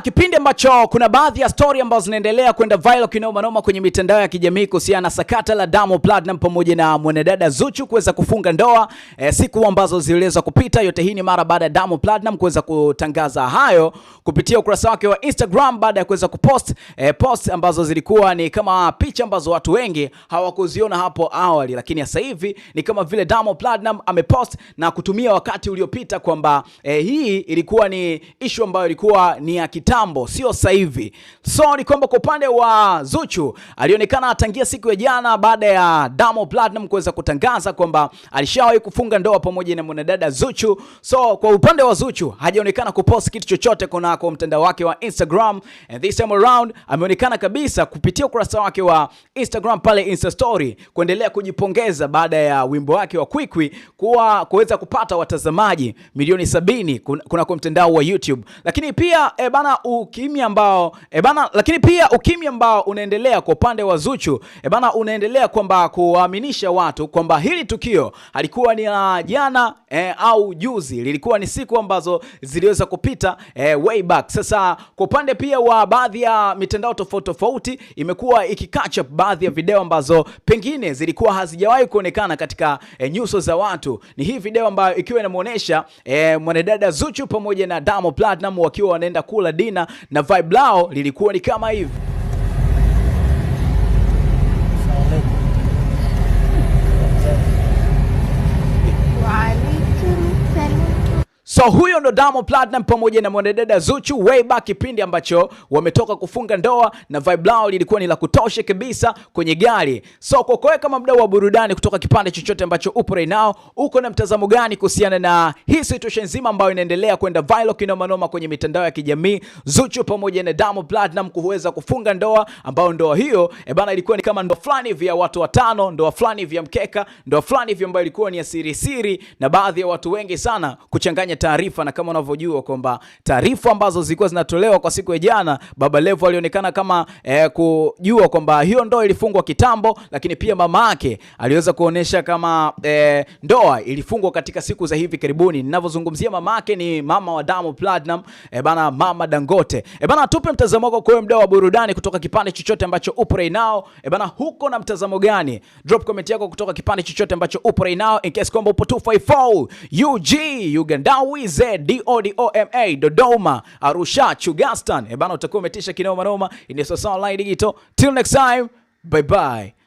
kipindi ambacho kuna baadhi ya stori ambazo zinaendelea kwenda viral kinoma noma kwenye mitandao ya kijamii kuhusiana na sakata la Diamond Platinum pamoja na mwanadada Zuchu kuweza kufunga ndoa e, siku ambazo zilizoweza kupita. Yote hii ni mara baada ya Diamond Platinum kuweza kutangaza hayo kupitia ukurasa wake wa Instagram baada ya kuweza kupost e, post ambazo zilikuwa ni kama picha ambazo watu wengi hawakuziona hapo awali, lakini sasa hivi ni kama vile Diamond Platinum amepost na kutumia wakati uliopita kwamba e, hii ilikuwa ni issue ambayo ilikuwa ni ya kita kitambo, sio sasa hivi. So ni kwamba kwa upande wa Zuchu alionekana atangia siku ya jana baada ya Diamond Platnumz kuweza kutangaza kwamba alishawahi kufunga ndoa pamoja na mwanadada Zuchu. So kwa upande wa Zuchu hajaonekana kupost kitu chochote kuna kwa mtandao wake wa Instagram, and this time around ameonekana kabisa kupitia ukurasa wake wa Instagram pale Insta story kuendelea kujipongeza baada ya wimbo wake wa Kwikwi kuwa kuweza kupata watazamaji milioni sabini kuna kwa mtandao wa YouTube, lakini pia e, bana ukimya ambao e bana, lakini pia ukimya ambao unaendelea kwa upande wa Zuchu e bana, unaendelea kwamba kuwaaminisha watu kwamba hili tukio alikuwa ni la jana e, au juzi, lilikuwa ni siku ambazo ziliweza kupita e, way back. Sasa kwa upande pia wa baadhi ya mitandao tofauti tofauti imekuwa ikikacha baadhi ya video ambazo pengine zilikuwa hazijawahi kuonekana katika e, nyuso za watu. Ni hii video ambayo ikiwa inamuonesha e, mwanadada Zuchu pamoja na Diamond Platnumz wakiwa wanaenda kula Dina na vibe lao lilikuwa ni kama hivi. So huyo ndo Diamond Platinum pamoja na mwanadada Zuchu way back kipindi ambacho wametoka kufunga ndoa na vibe lao lilikuwa ni la kutosha kabisa kwenye gari. So kwa kwa kama mdau wa burudani kutoka kipande chochote ambacho upo right now, uko na mtazamo gani kuhusiana na hii situation nzima ambayo inaendelea kwenda viral kinoma noma kwenye mitandao ya kijamii, Zuchu pamoja na Diamond Platinum kuweza kufunga ndoa ambayo ndoa hiyo e bana ilikuwa ni kama ndoa fulani vya watu watano, ndoa fulani vya mkeka, ndoa fulani vya ambayo ilikuwa ni ya siri siri na baadhi ya watu wengi sana kuchanganya taarifa, na kama unavyojua kwamba taarifa ambazo zilikuwa zinatolewa kwa siku ya jana, Baba Levo alionekana kama eh, kujua kwamba hiyo ndoa ilifungwa kitambo, lakini pia mama yake aliweza kuonesha kama eh, ndoa ilifungwa katika siku za hivi karibuni. Ninavyozungumzia mama yake ni mama wa Diamond Platinum, eh, bana mama Dangote. Eh, bana tupe mtazamo wako kwa mdau wa burudani kutoka kipande chochote ambacho upo right now. Eh, bana huko na mtazamo gani? Drop comment yako kutoka kipande chochote ambacho upo right now in case kwamba upo 254 UG Ugandawi Ruiz Dodoma Dodoma Arusha Chugastan. ebana utakuwa umetisha kinoma noma. Noma. sasa Online Digital. Till next time. Bye bye.